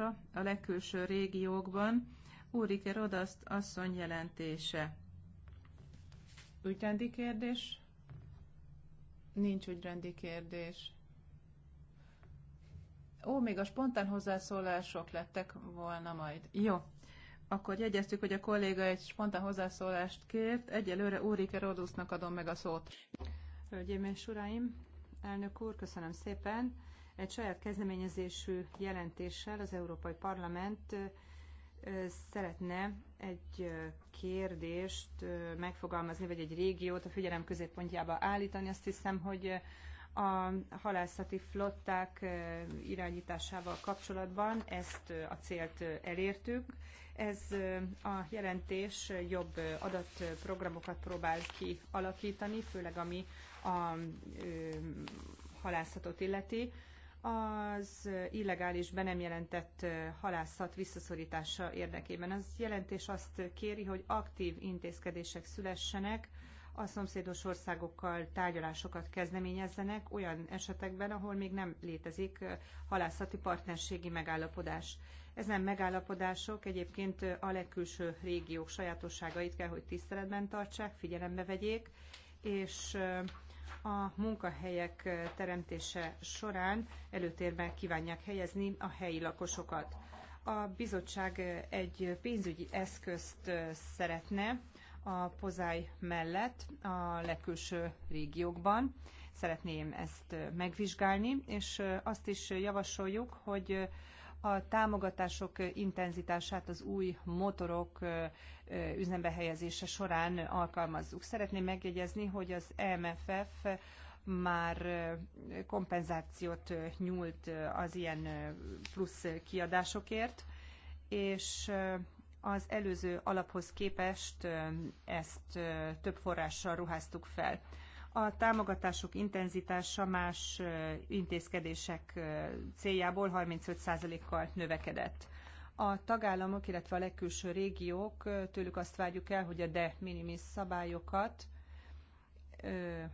hatásra a legkülső régiókban Úrike Rodaszt asszony jelentése. Ügyrendi kérdés? Nincs ügyrendi kérdés. Ó, még a spontán hozzászólások lettek volna majd. Jó. Akkor jegyeztük, hogy a kolléga egy spontán hozzászólást kért. Egyelőre Úrike Rodusznak adom meg a szót. Hölgyeim és uraim, elnök úr, köszönöm szépen. Egy saját kezdeményezésű jelentéssel az Európai Parlament szeretne egy kérdést megfogalmazni, vagy egy régiót a figyelem középpontjába állítani. Azt hiszem, hogy a halászati flották irányításával kapcsolatban ezt a célt elértük. Ez a jelentés jobb adatprogramokat próbál ki alakítani, főleg ami a halászatot illeti az illegális be nem jelentett halászat visszaszorítása érdekében. Az jelentés azt kéri, hogy aktív intézkedések szülessenek, a szomszédos országokkal tárgyalásokat kezdeményezzenek olyan esetekben, ahol még nem létezik halászati partnerségi megállapodás. Ezen megállapodások egyébként a legkülső régiók sajátosságait kell, hogy tiszteletben tartsák, figyelembe vegyék, és a munkahelyek teremtése során előtérbe kívánják helyezni a helyi lakosokat. A bizottság egy pénzügyi eszközt szeretne a pozáj mellett a legkülső régiókban. Szeretném ezt megvizsgálni, és azt is javasoljuk, hogy a támogatások intenzitását az új motorok üzembe helyezése során alkalmazzuk. Szeretném megjegyezni, hogy az e MFF már kompenzációt nyújt az ilyen plusz kiadásokért, és az előző alaphoz képest ezt több forrással ruháztuk fel a támogatások intenzitása más intézkedések céljából 35%-kal növekedett. A tagállamok, illetve a legkülső régiók tőlük azt várjuk el, hogy a de minimis szabályokat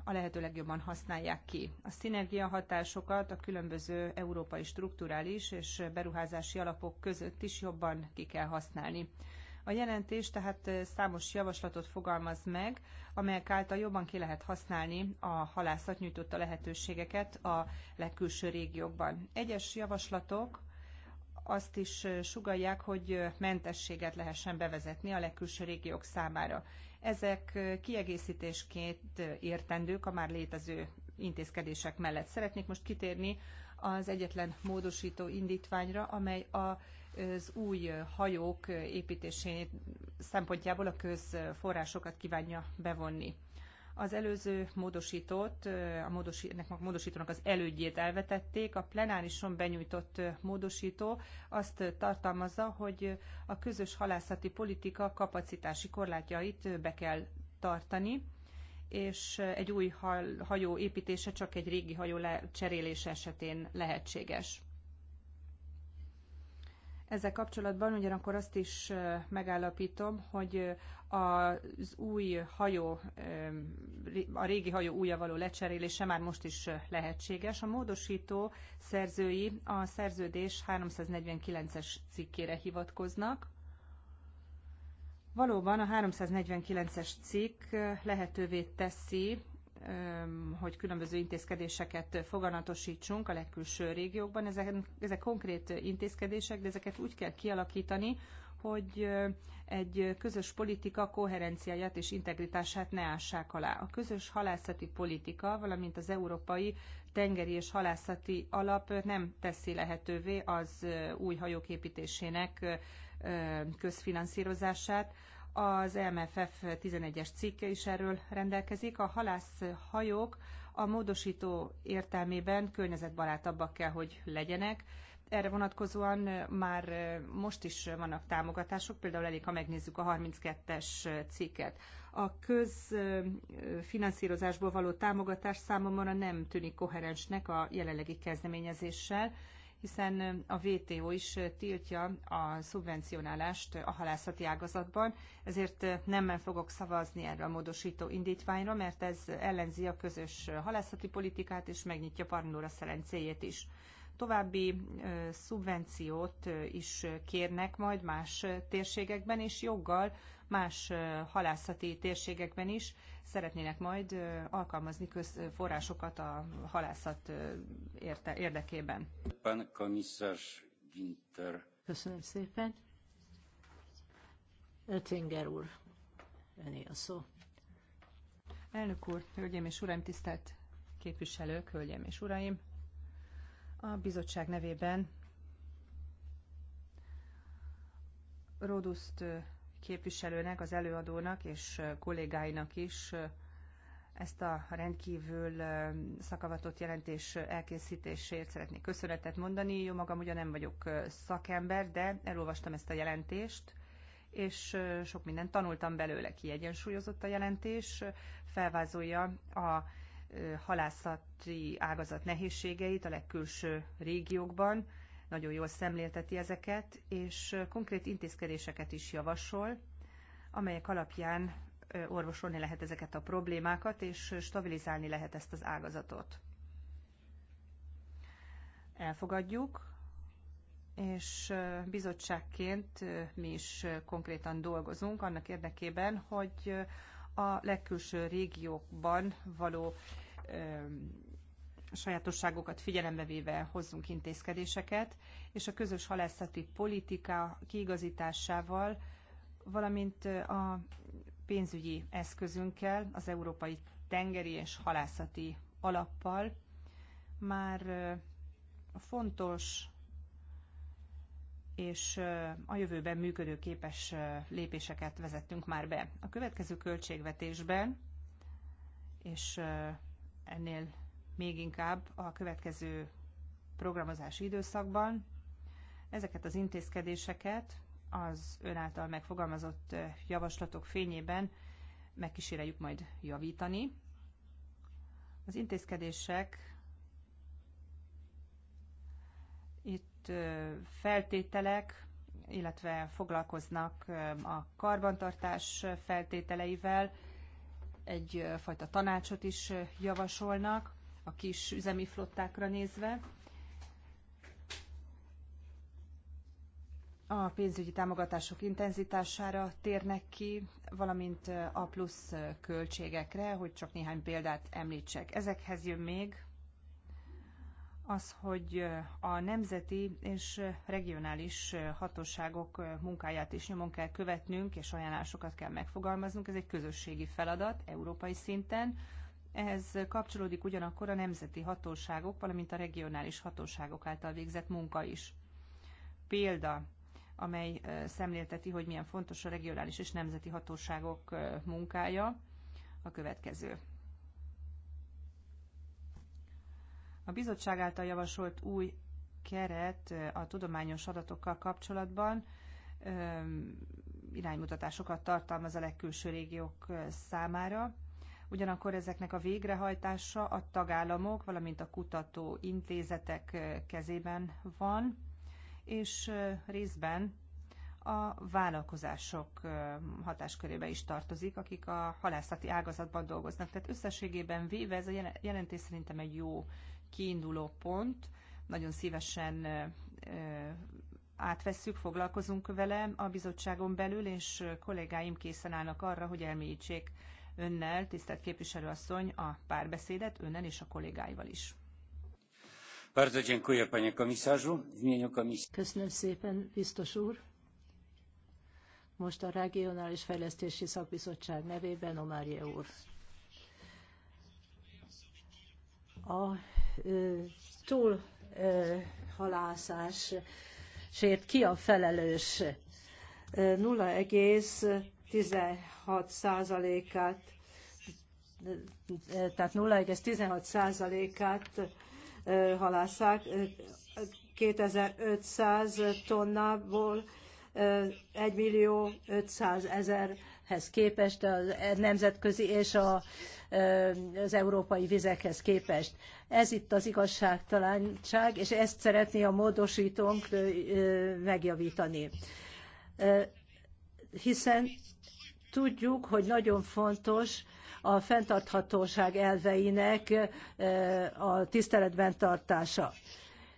a lehető legjobban használják ki. A szinergia hatásokat a különböző európai strukturális és beruházási alapok között is jobban ki kell használni. A jelentés tehát számos javaslatot fogalmaz meg, amelyek által jobban ki lehet használni a halászat nyújtotta lehetőségeket a legkülső régiókban. Egyes javaslatok azt is sugalják, hogy mentességet lehessen bevezetni a legkülső régiók számára. ezek kiegészítésként értendők a már létező intézkedések mellett. Szeretnék most kitérni az egyetlen módosító indítványra, amely a az új hajók építésén szempontjából a közforrásokat kívánja bevonni. Az előző módosítót, a módosi, ennek a módosítónak az elődjét elvetették, a plenárison benyújtott módosító azt tartalmazza, hogy a közös halászati politika kapacitási korlátjait be kell tartani, és egy új hajó építése csak egy régi hajó cserélése esetén lehetséges. Ezzel kapcsolatban ugyanakkor azt is megállapítom, hogy az új hajó, a régi hajó újja való lecserélése már most is lehetséges. A módosító szerzői a szerződés 349-es cikkére hivatkoznak. Valóban a 349-es cikk lehetővé teszi hogy különböző intézkedéseket foganatosítsunk a legkülső régiókban. Ezek, ezek konkrét intézkedések, de ezeket úgy kell kialakítani, hogy egy közös politika koherenciáját és integritását ne ássák alá. A közös halászati politika, valamint az európai tengeri és halászati alap nem teszi lehetővé az új hajók építésének közfinanszírozását, az MFF 11-es cikke is erről rendelkezik. A halászhajók a módosító értelmében környezetbarátabbak kell, hogy legyenek. Erre vonatkozóan már most is vannak támogatások, például elég, ha megnézzük a 32-es cikket. A közfinanszírozásból való támogatás számomra nem tűnik koherensnek a jelenlegi kezdeményezéssel, hiszen a VTO is tiltja a szubvencionálást a halászati ágazatban, ezért nem fogok szavazni erre a módosító indítványra, mert ez ellenzi a közös halászati politikát és megnyitja Pandora szerencéjét is. További szubvenciót is kérnek majd más térségekben, és joggal más halászati térségekben is szeretnének majd alkalmazni forrásokat a halászat érte, érdekében. Köszönöm szépen. Öttinger úr, öné a szó. Elnök úr, hölgyeim és uraim, tisztelt képviselők, hölgyeim és uraim! A bizottság nevében Roduszt képviselőnek, az előadónak és kollégáinak is ezt a rendkívül szakavatott jelentés elkészítésért szeretnék köszönetet mondani. Jó magam ugyan nem vagyok szakember, de elolvastam ezt a jelentést, és sok mindent tanultam belőle. Kiegyensúlyozott a jelentés, felvázolja a halászati ágazat nehézségeit a legkülső régiókban, nagyon jól szemlélteti ezeket, és konkrét intézkedéseket is javasol, amelyek alapján orvosolni lehet ezeket a problémákat, és stabilizálni lehet ezt az ágazatot. Elfogadjuk, és bizottságként mi is konkrétan dolgozunk annak érdekében, hogy a legkülső régiókban való sajátosságokat figyelembe véve hozzunk intézkedéseket, és a közös halászati politika kiigazításával, valamint a pénzügyi eszközünkkel, az Európai Tengeri és Halászati Alappal már fontos és a jövőben működőképes lépéseket vezettünk már be. A következő költségvetésben, és ennél még inkább a következő programozási időszakban ezeket az intézkedéseket az ön által megfogalmazott javaslatok fényében megkíséreljük majd javítani. Az intézkedések feltételek, illetve foglalkoznak a karbantartás feltételeivel, egyfajta tanácsot is javasolnak a kis üzemi flottákra nézve. A pénzügyi támogatások intenzitására térnek ki, valamint a plusz költségekre, hogy csak néhány példát említsek. Ezekhez jön még az, hogy a nemzeti és regionális hatóságok munkáját is nyomon kell követnünk, és ajánlásokat kell megfogalmaznunk. Ez egy közösségi feladat európai szinten. Ehhez kapcsolódik ugyanakkor a nemzeti hatóságok, valamint a regionális hatóságok által végzett munka is. Példa, amely szemlélteti, hogy milyen fontos a regionális és nemzeti hatóságok munkája, a következő. A bizottság által javasolt új keret a tudományos adatokkal kapcsolatban iránymutatásokat tartalmaz a legkülső régiók számára. Ugyanakkor ezeknek a végrehajtása a tagállamok, valamint a kutató intézetek kezében van, és részben a vállalkozások hatáskörébe is tartozik, akik a halászati ágazatban dolgoznak. Tehát összességében véve ez a jelentés szerintem egy jó kiinduló pont. Nagyon szívesen átvesszük, foglalkozunk vele a bizottságon belül, és kollégáim készen állnak arra, hogy elmélyítsék önnel, tisztelt képviselőasszony, a párbeszédet önnel és a kollégáival is. Köszönöm szépen, biztos úr. Most a Regionális Fejlesztési Szakbizottság nevében Omárje úr. A túlhalászásért ki a felelős? 0,16%-át tehát 0,16%-át halászák 2500 tonnából 1 millió 500 ezer vizekhez képest, a nemzetközi és a, az európai vizekhez képest. Ez itt az igazságtalanság, és ezt szeretné a módosítónk megjavítani. Hiszen tudjuk, hogy nagyon fontos a fenntarthatóság elveinek a tiszteletben tartása.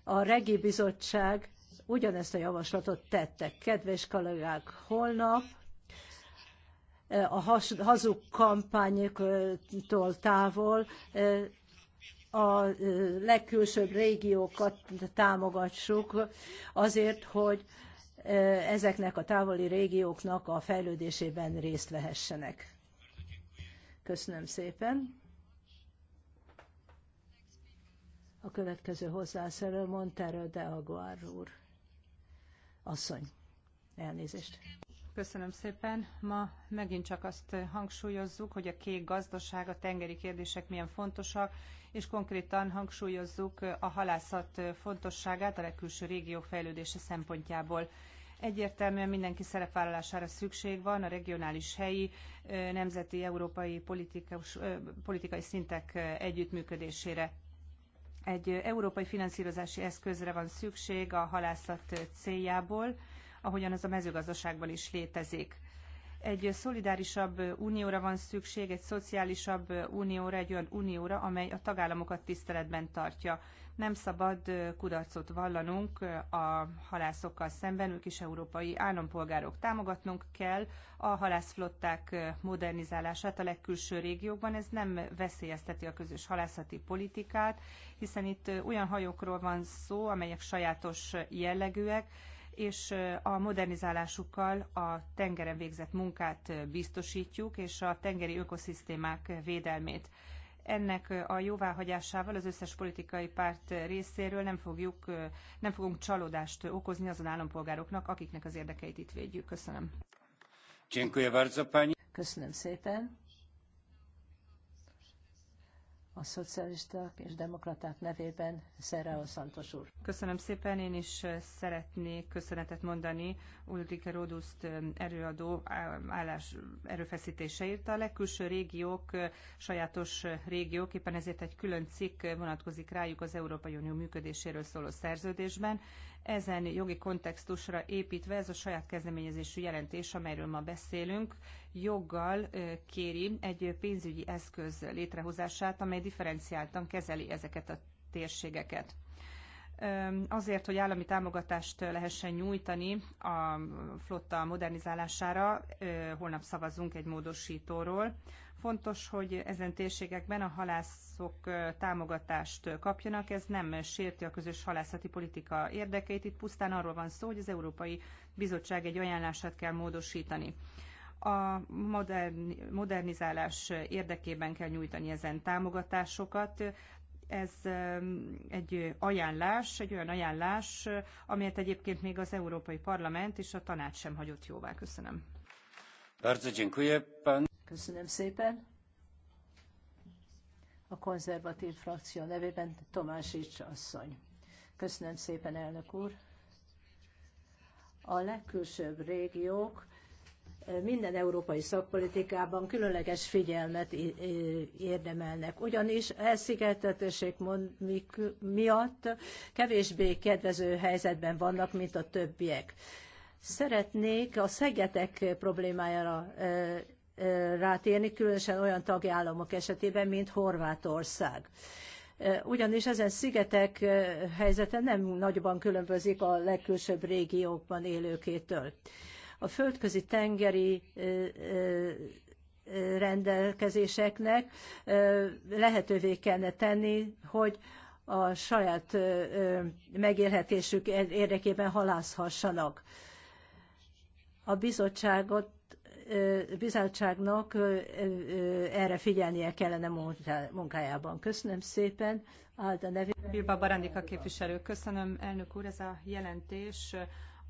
A Regi Bizottság ugyanezt a javaslatot tettek. Kedves kollégák, holnap Eh, a hazug kampányoktól távol eh, a eh, legkülsőbb régiókat támogassuk azért, hogy ezeknek a távoli régióknak a fejlődésében részt vehessenek. Köszönöm szépen. A következő hozzászerő Montero de Aguar úr. Asszony, elnézést. Köszönöm szépen. Ma megint csak azt hangsúlyozzuk, hogy a kék gazdaság, a tengeri kérdések milyen fontosak, és konkrétan hangsúlyozzuk a halászat fontosságát a legkülső régiók fejlődése szempontjából. Egyértelműen mindenki szerepvállalására szükség van, a regionális, helyi, nemzeti, európai politikus, politikai szintek együttműködésére. Egy európai finanszírozási eszközre van szükség a halászat céljából ahogyan ez a mezőgazdaságban is létezik. Egy szolidárisabb unióra van szükség, egy szociálisabb unióra, egy olyan unióra, amely a tagállamokat tiszteletben tartja. Nem szabad kudarcot vallanunk a halászokkal szemben, ők is európai állampolgárok. Támogatnunk kell a halászflották modernizálását a legkülső régiókban. Ez nem veszélyezteti a közös halászati politikát, hiszen itt olyan hajókról van szó, amelyek sajátos jellegűek, és a modernizálásukkal a tengeren végzett munkát biztosítjuk, és a tengeri ökoszisztémák védelmét. Ennek a jóváhagyásával az összes politikai párt részéről nem, fogjuk, nem fogunk csalódást okozni azon állampolgároknak, akiknek az érdekeit itt védjük. Köszönöm. Köszönöm szépen a szocialisták és demokraták nevében Szereo Szantos úr. Köszönöm szépen, én is szeretnék köszönetet mondani Ulrike Róduszt erőadó állás erőfeszítéseért. A legkülső régiók, sajátos régiók, éppen ezért egy külön cikk vonatkozik rájuk az Európai Unió működéséről szóló szerződésben, ezen jogi kontextusra építve ez a saját kezdeményezésű jelentés, amelyről ma beszélünk, joggal kéri egy pénzügyi eszköz létrehozását, amely differenciáltan kezeli ezeket a térségeket azért, hogy állami támogatást lehessen nyújtani a flotta modernizálására, holnap szavazunk egy módosítóról, Fontos, hogy ezen térségekben a halászok támogatást kapjanak, ez nem sérti a közös halászati politika érdekeit, itt pusztán arról van szó, hogy az Európai Bizottság egy ajánlását kell módosítani a modern, modernizálás érdekében kell nyújtani ezen támogatásokat. Ez egy ajánlás, egy olyan ajánlás, amelyet egyébként még az Európai Parlament és a Tanács sem hagyott jóvá. Köszönöm. Bardzo dziękuję, pan. Köszönöm szépen. A konzervatív frakció nevében Tomásics asszony. Köszönöm szépen, elnök úr. A legkülsőbb régiók eh, minden európai szakpolitikában különleges figyelmet érdemelnek. Ugyanis elszigeteltőség miatt kevésbé kedvező helyzetben vannak, mint a többiek. Szeretnék a szegetek problémájára eh, rátérni, különösen olyan tagállamok esetében, mint Horvátország. E, ugyanis ezen szigetek e, helyzete nem nagyban különbözik a legkülsőbb régiókban élőkétől. A földközi tengeri e, rendelkezéseknek lehetővé kellene tenni, hogy a saját megélhetésük érdekében halászhassanak. A bizottságot bizottságnak erre figyelnie kellene munkájában. Köszönöm szépen. Alda Bilba Barandika képviselő, köszönöm elnök úr, ez a jelentés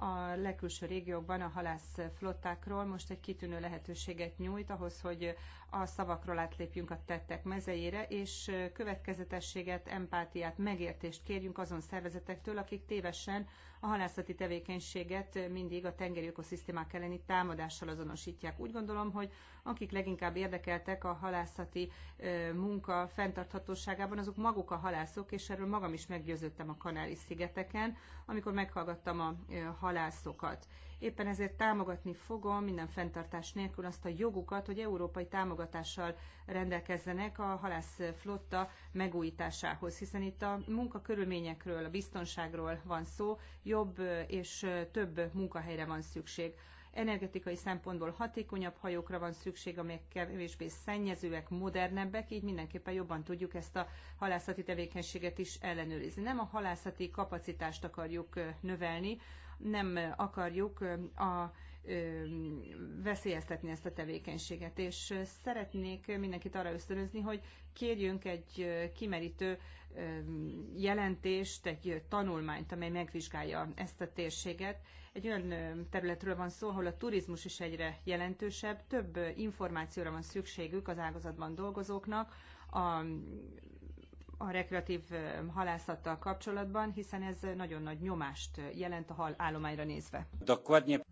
a legkülső régiókban a halászflottákról most egy kitűnő lehetőséget nyújt ahhoz, hogy a szavakról átlépjünk a tettek mezejére, és következetességet, empátiát, megértést kérjünk azon szervezetektől, akik tévesen a halászati tevékenységet mindig a tengeri ökoszisztémák elleni támadással azonosítják. Úgy gondolom, hogy akik leginkább érdekeltek a halászati munka fenntarthatóságában, azok maguk a halászok, és erről magam is meggyőződtem a Kanári-szigeteken, amikor meghallgattam a halászokat Éppen ezért támogatni fogom minden fenntartás nélkül azt a jogukat, hogy európai támogatással rendelkezzenek a halászflotta megújításához, hiszen itt a munkakörülményekről, a biztonságról van szó, jobb és több munkahelyre van szükség energetikai szempontból hatékonyabb hajókra van szükség, amelyek kevésbé szennyezőek, modernebbek, így mindenképpen jobban tudjuk ezt a halászati tevékenységet is ellenőrizni. Nem a halászati kapacitást akarjuk növelni, nem akarjuk a veszélyeztetni ezt a tevékenységet. És szeretnék mindenkit arra ösztönözni, hogy kérjünk egy kimerítő jelentést, egy tanulmányt, amely megvizsgálja ezt a térséget. Egy olyan területről van szó, ahol a turizmus is egyre jelentősebb, több információra van szükségük az ágazatban dolgozóknak, a a rekreatív halászattal kapcsolatban, hiszen ez nagyon nagy nyomást jelent a hal állományra nézve.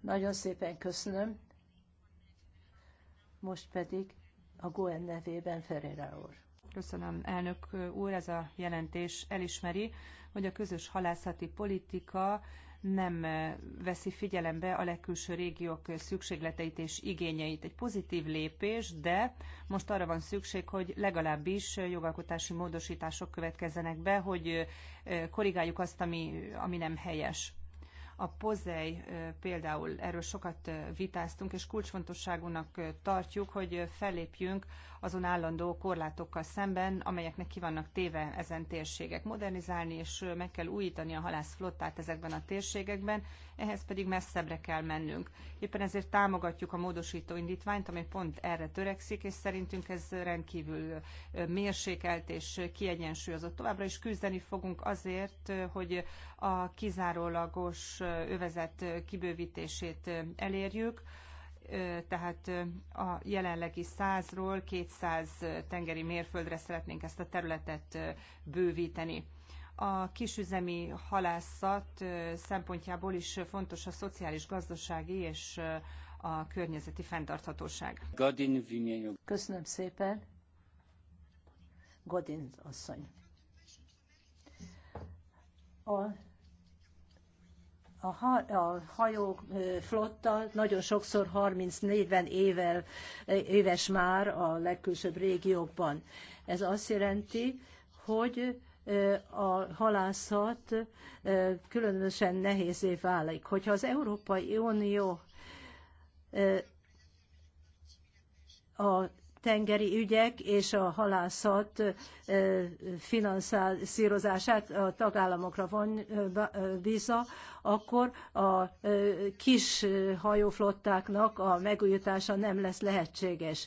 Nagyon szépen köszönöm. Most pedig a GOEN nevében Ferreira úr. Köszönöm, elnök úr, ez a jelentés elismeri, hogy a közös halászati politika nem veszi figyelembe a legkülső régiók szükségleteit és igényeit. Egy pozitív lépés, de most arra van szükség, hogy legalábbis jogalkotási módosítások következzenek be, hogy korrigáljuk azt, ami, ami nem helyes. A pozei például erről sokat vitáztunk, és kulcsfontosságúnak tartjuk, hogy fellépjünk azon állandó korlátokkal szemben, amelyeknek ki vannak téve ezen térségek. Modernizálni és meg kell újítani a halászflottát ezekben a térségekben, ehhez pedig messzebbre kell mennünk. Éppen ezért támogatjuk a módosító indítványt, ami pont erre törekszik, és szerintünk ez rendkívül mérsékelt és kiegyensúlyozott. Továbbra is küzdeni fogunk azért, hogy a kizárólagos övezet kibővítését elérjük, tehát a jelenlegi 100-ról 200 tengeri mérföldre szeretnénk ezt a területet bővíteni a kisüzemi halászat szempontjából is fontos a szociális, gazdasági és a környezeti fenntarthatóság. Köszönöm szépen. Godin asszony. A, a, ha, a hajók flotta nagyon sokszor 30-40 évvel, éves már a legkülsőbb régiókban. Ez azt jelenti, hogy a halászat különösen nehézé válik. Hogyha az Európai Unió a tengeri ügyek és a halászat finanszírozását a tagállamokra van bízza, akkor a kis hajóflottáknak a megújítása nem lesz lehetséges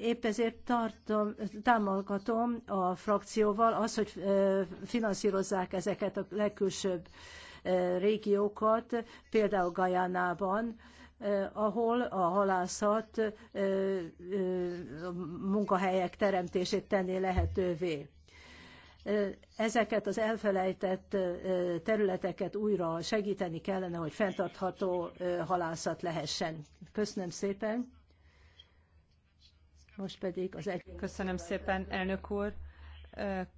Épp ezért tartom, támogatom a frakcióval az, hogy finanszírozzák ezeket a legkülsőbb régiókat, például Gajánában, ahol a halászat munkahelyek teremtését tenné lehetővé. Ezeket az elfelejtett területeket újra segíteni kellene, hogy fenntartható halászat lehessen. Köszönöm szépen! Most pedig az egy... Köszönöm szépen, elnök úr.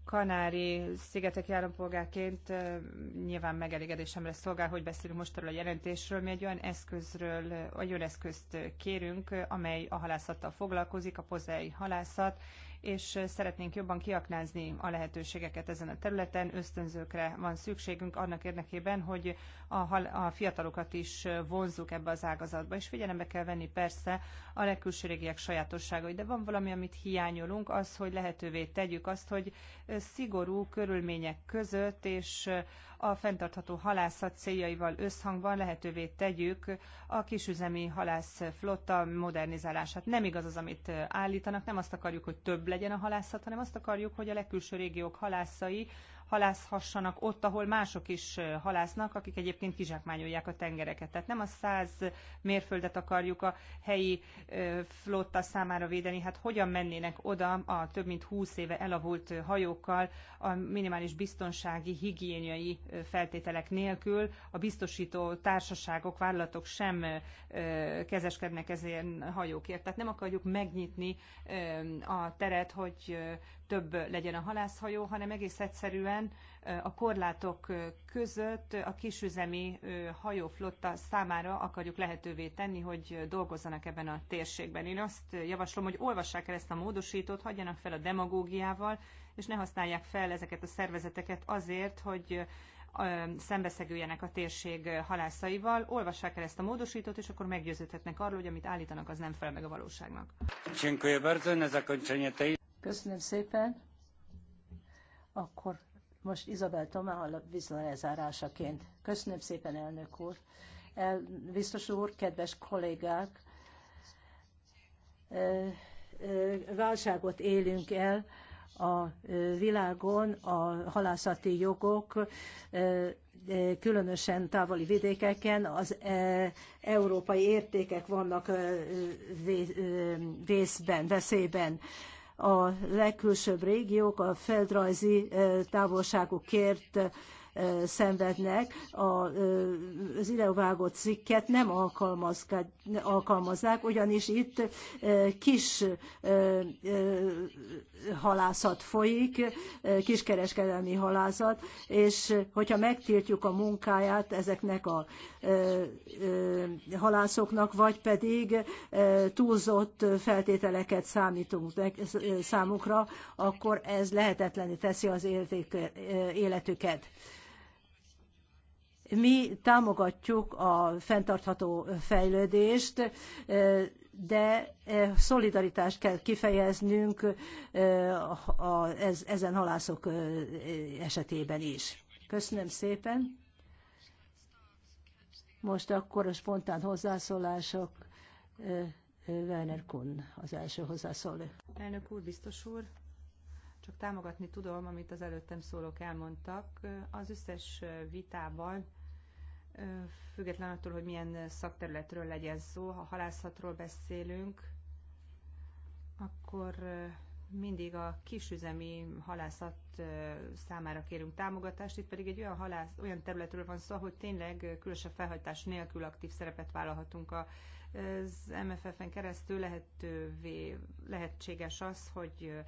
Kanári szigetek állampolgárként nyilván megelégedésemre szolgál, hogy beszélünk most erről a jelentésről. Mi egy olyan eszközről, egy olyan eszközt kérünk, amely a halászattal foglalkozik, a pozei halászat, és szeretnénk jobban kiaknázni a lehetőségeket ezen a területen. Ösztönzőkre van szükségünk annak érdekében, hogy a, a fiatalokat is vonzuk ebbe az ágazatba, és figyelembe kell venni persze a legkülső régiek sajátosságait, de van valami, amit hiányolunk, az, hogy lehetővé tegyük azt, hogy szigorú körülmények között és a fenntartható halászat céljaival összhangban lehetővé tegyük a kisüzemi halászflotta modernizálását. Nem igaz az, amit állítanak, nem azt akarjuk, hogy több legyen a halászat, hanem azt akarjuk, hogy a legkülső régiók halászai halászhassanak ott, ahol mások is halásznak, akik egyébként kizsákmányolják a tengereket. Tehát nem a száz mérföldet akarjuk a helyi flotta számára védeni, hát hogyan mennének oda a több mint húsz éve elavult hajókkal a minimális biztonsági, higiéniai feltételek nélkül. A biztosító társaságok, vállalatok sem kezeskednek ezért hajókért. Tehát nem akarjuk megnyitni a teret, hogy több legyen a halászhajó, hanem egész egyszerűen esetében a korlátok között a kisüzemi hajóflotta számára akarjuk lehetővé tenni, hogy dolgozzanak ebben a térségben. Én azt javaslom, hogy olvassák el ezt a módosítót, hagyjanak fel a demagógiával, és ne használják fel ezeket a szervezeteket azért, hogy szembeszegüljenek a térség halászaival, olvassák el ezt a módosítót, és akkor meggyőződhetnek arról, hogy amit állítanak, az nem felel meg a valóságnak. Köszönöm szépen. Akkor most Izabel Tomá a viszonelezárásaként. Köszönöm szépen, elnök úr. El, biztos úr, kedves kollégák, válságot élünk el a világon, a halászati jogok, különösen távoli vidékeken az európai értékek vannak vészben, veszélyben a legkülsőbb régiók a földrajzi eh, távolságukért szenvednek, az idevágott cikket nem alkalmazzák, ugyanis itt kis halászat folyik, kiskereskedelmi halászat, és hogyha megtiltjuk a munkáját ezeknek a halászoknak, vagy pedig túlzott feltételeket számítunk számukra, akkor ez lehetetlenül teszi az életüket. Mi támogatjuk a fenntartható fejlődést, de e, szolidaritást kell kifejeznünk e, ezen halászok e, esetében is. Köszönöm szépen. Most akkor a spontán hozzászólások. Werner Kun az első hozzászóló. Elnök úr, biztos úr, csak támogatni tudom, amit az előttem szólók elmondtak. Az összes vitában független attól, hogy milyen szakterületről legyen szó, ha halászatról beszélünk, akkor mindig a kisüzemi halászat számára kérünk támogatást, itt pedig egy olyan, halász, olyan területről van szó, hogy tényleg különösebb felhajtás nélkül aktív szerepet vállalhatunk a az MFF-en keresztül lehetővé, lehetséges az, hogy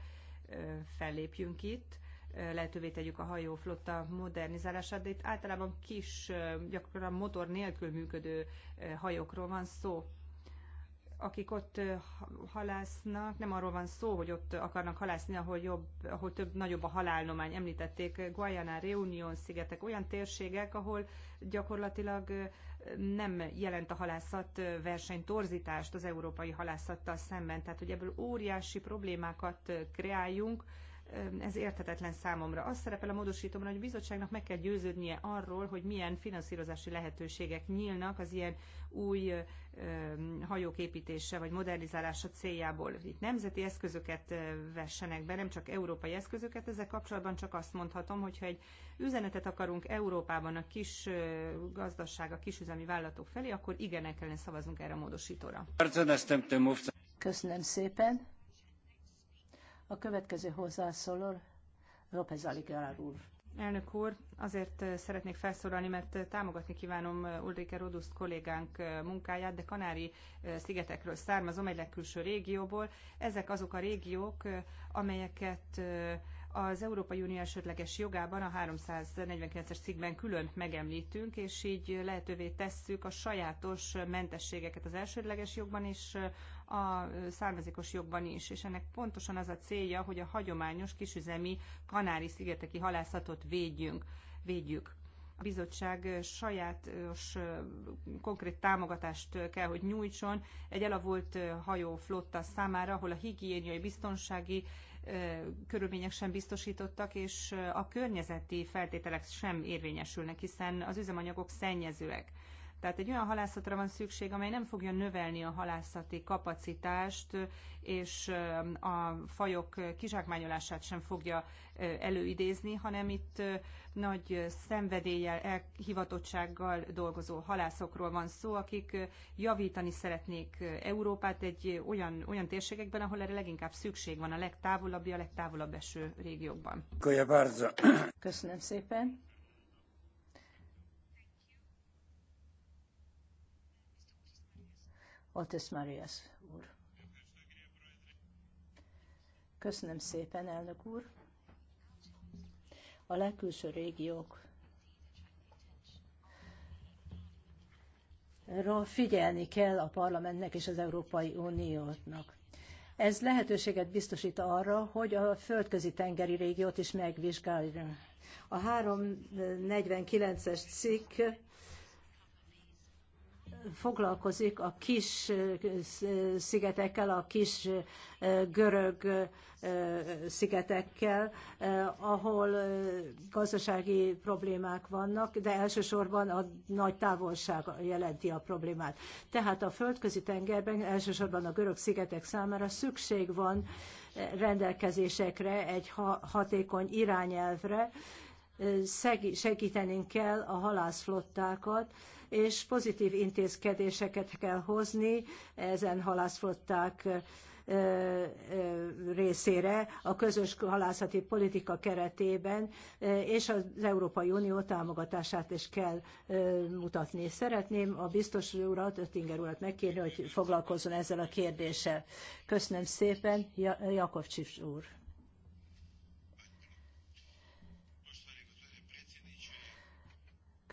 fellépjünk itt, lehetővé tegyük a hajóflotta modernizálását, de itt általában kis, gyakran motor nélkül működő hajókról van szó akik ott halásznak, nem arról van szó, hogy ott akarnak halászni, ahol, jobb, ahol több, nagyobb a halálnomány. Említették Guayana, Reunion szigetek, olyan térségek, ahol gyakorlatilag nem jelent a halászat versenytorzítást az európai halászattal szemben. Tehát, hogy ebből óriási problémákat kreáljunk, ez érthetetlen számomra. Azt szerepel a módosítóban, hogy a bizottságnak meg kell győződnie arról, hogy milyen finanszírozási lehetőségek nyílnak az ilyen új hajók építése vagy modernizálása céljából. Itt nemzeti eszközöket vessenek be, nem csak európai eszközöket. Ezzel kapcsolatban csak azt mondhatom, hogyha egy üzenetet akarunk Európában a kis gazdaság, a kisüzemi vállalatok felé, akkor igen, kellene szavazunk erre a módosítóra. Köszönöm szépen. A következő hozzászóló López Aligar úr. Elnök úr, azért eh, szeretnék felszólalni, mert eh, támogatni kívánom eh, Ulrike Roduszt kollégánk munkáját, de Kanári szigetekről származom, egy legkülső régióból. Ezek azok a régiók, amelyeket az Európai Unió elsődleges jogában a 349-es cikkben külön megemlítünk, és így lehetővé tesszük a sajátos mentességeket az elsődleges jogban és a származékos jogban is. És ennek pontosan az a célja, hogy a hagyományos kisüzemi Kanári-szigeteki halászatot védjünk. védjük a bizottság sajátos konkrét támogatást kell, hogy nyújtson egy elavult hajóflotta számára, ahol a higiéniai, biztonsági körülmények sem biztosítottak, és a környezeti feltételek sem érvényesülnek, hiszen az üzemanyagok szennyezőek. Tehát egy olyan halászatra van szükség, amely nem fogja növelni a halászati kapacitást, és a fajok kizsákmányolását sem fogja előidézni, hanem itt nagy szenvedéllyel, elhivatottsággal dolgozó halászokról van szó, akik javítani szeretnék Európát egy olyan, olyan térségekben, ahol erre leginkább szükség van, a legtávolabbi, a legtávolabb eső régiókban. Köszönöm szépen. Otis Marias úr. Köszönöm szépen, elnök úr. A legkülső régiók figyelni kell a parlamentnek és az Európai Uniónak. Ez lehetőséget biztosít arra, hogy a földközi tengeri régiót is megvizsgáljuk. A 349-es cikk foglalkozik a kis szigetekkel, a kis görög szigetekkel, ahol gazdasági problémák vannak, de elsősorban a nagy távolság jelenti a problémát. Tehát a földközi tengerben, elsősorban a görög szigetek számára szükség van rendelkezésekre, egy hatékony irányelvre, segítenünk kell a halászflottákat, és pozitív intézkedéseket kell hozni ezen halászflották részére a közös halászati politika keretében, és az Európai Unió támogatását is kell mutatni. Szeretném a biztos urat, Öttinger urat megkérni, hogy foglalkozzon ezzel a kérdéssel. Köszönöm szépen, Jakovcsics úr.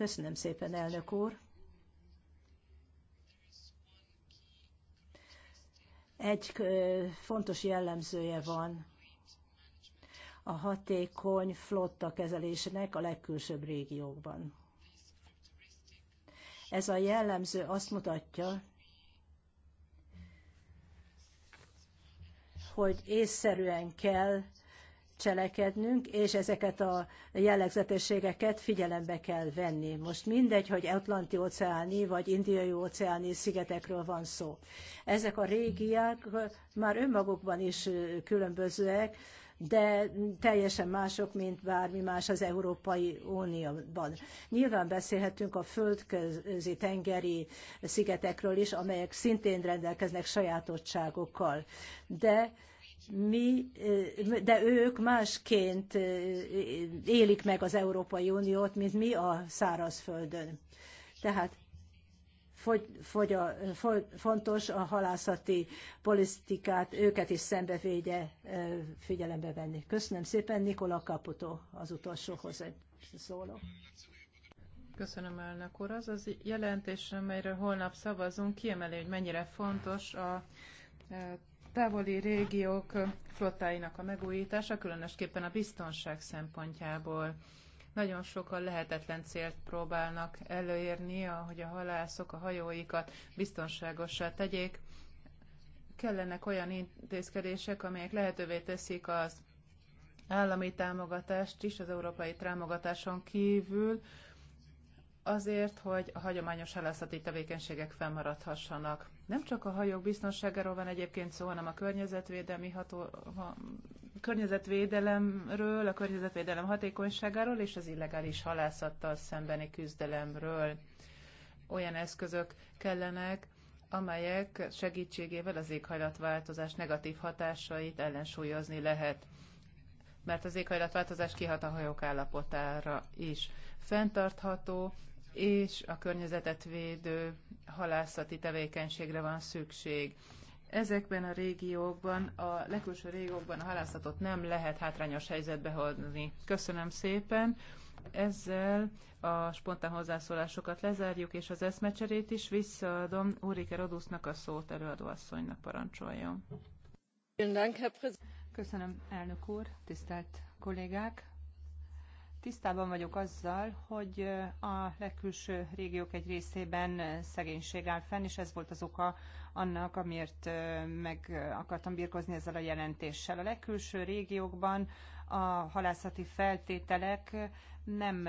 Köszönöm szépen, elnök úr. Egy fontos jellemzője van a hatékony flotta kezelésnek a legkülsőbb régiókban. Ez a jellemző azt mutatja, hogy észszerűen kell cselekednünk, és ezeket a jellegzetességeket figyelembe kell venni. Most mindegy, hogy Atlanti óceáni vagy Indiai óceáni szigetekről van szó. Ezek a régiák már önmagukban is különbözőek, de teljesen mások, mint bármi más az Európai Unióban. Nyilván beszélhetünk a földközi tengeri szigetekről is, amelyek szintén rendelkeznek sajátosságokkal, de mi, de ők másként élik meg az Európai Uniót, mint mi a szárazföldön. Tehát fogy, fogy a, fontos a halászati politikát, őket is szembevédje figyelembe venni. Köszönöm szépen, Nikola Kaputo az utolsóhoz szóló. Köszönöm, elnök úr. Az az jelentés, amelyről holnap szavazunk, kiemeli, hogy mennyire fontos a távoli régiók flottáinak a megújítása, különösképpen a biztonság szempontjából. Nagyon sokan lehetetlen célt próbálnak elérni, hogy a halászok a hajóikat biztonságossá tegyék. Kellenek olyan intézkedések, amelyek lehetővé teszik az állami támogatást is, az európai támogatáson kívül, azért, hogy a hagyományos halászati tevékenységek fennmaradhassanak. Nem csak a hajók biztonságáról van egyébként szó, hanem a környezetvédelmi ható, a környezetvédelemről, a környezetvédelem hatékonyságáról és az illegális halászattal szembeni küzdelemről. Olyan eszközök kellenek, amelyek segítségével az éghajlatváltozás negatív hatásait ellensúlyozni lehet mert az éghajlatváltozás kihat a hajók állapotára is. fentartható és a környezetet védő halászati tevékenységre van szükség. Ezekben a régiókban, a legkülső régiókban a halászatot nem lehet hátrányos helyzetbe hozni. Köszönöm szépen! Ezzel a spontán hozzászólásokat lezárjuk, és az eszmecserét is visszaadom. Úrike Rodusznak a szót előadóasszonynak parancsoljon. Köszönöm, elnök úr, tisztelt kollégák! Tisztában vagyok azzal, hogy a legkülső régiók egy részében szegénység áll fenn, és ez volt az oka annak, amiért meg akartam birkozni ezzel a jelentéssel. A legkülső régiókban a halászati feltételek nem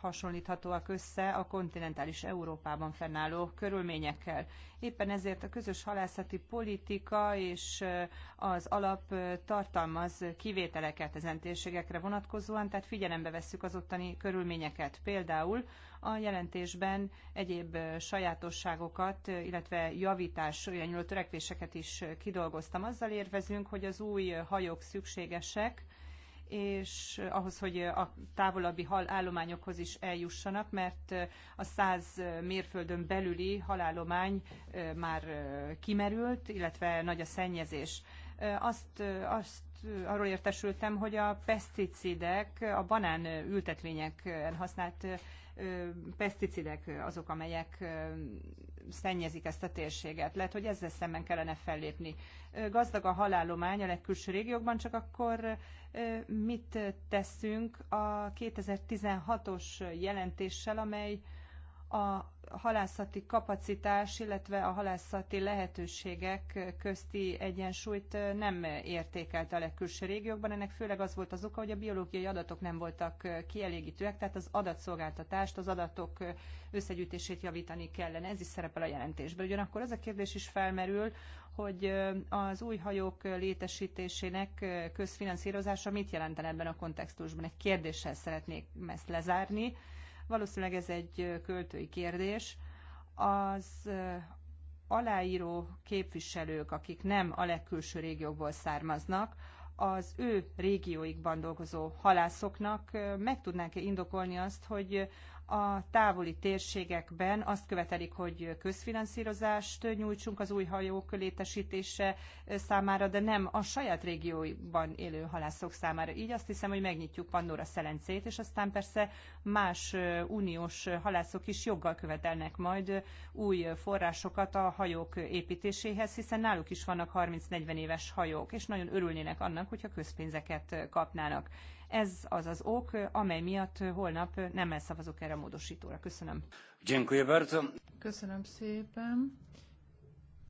hasonlíthatóak össze a kontinentális Európában fennálló körülményekkel. Éppen ezért a közös halászati politika és az alap tartalmaz kivételeket ezen térségekre vonatkozóan, tehát figyelembe vesszük az ottani körülményeket. Például a jelentésben egyéb sajátosságokat, illetve javítás irányuló törekvéseket is kidolgoztam. Azzal érvezünk, hogy az új hajók szükségesek, és ahhoz, hogy a távolabbi halállományokhoz is eljussanak, mert a száz mérföldön belüli halállomány már kimerült, illetve nagy a szennyezés. Azt, azt arról értesültem, hogy a peszticidek, a banán ültetvényeken használt peszticidek azok, amelyek szennyezik ezt a térséget. Lehet, hogy ezzel szemben kellene fellépni. Gazdag a halálomány a legkülső régiókban, csak akkor mit teszünk a 2016-os jelentéssel, amely a halászati kapacitás, illetve a halászati lehetőségek közti egyensúlyt eh, nem értékelt a legkülső régiókban. Ennek főleg az volt az oka, hogy a biológiai adatok nem voltak eh, kielégítőek, tehát az adatszolgáltatást, az adatok eh, összegyűjtését javítani kellene. Ez is szerepel a jelentésben. Ugyanakkor az a kérdés is felmerül, hogy az új hajók létesítésének közfinanszírozása mit jelenten ebben a kontextusban. Egy kérdéssel szeretnék ezt lezárni Valószínűleg ez egy költői kérdés. Az aláíró képviselők, akik nem a legkülső régiókból származnak, az ő régióikban dolgozó halászoknak meg tudnánk e indokolni azt, hogy a távoli térségekben azt követelik, hogy közfinanszírozást nyújtsunk az új hajók létesítése számára, de nem a saját régióban élő halászok számára. Így azt hiszem, hogy megnyitjuk Pandora szelencét, és aztán persze más uniós halászok is joggal követelnek majd új forrásokat a hajók építéséhez, hiszen náluk is vannak 30-40 éves hajók, és nagyon örülnének annak, hogyha közpénzeket kapnának. Ez az az ok, amely miatt holnap nem elszavazok erre a módosítóra. Köszönöm. Köszönöm szépen.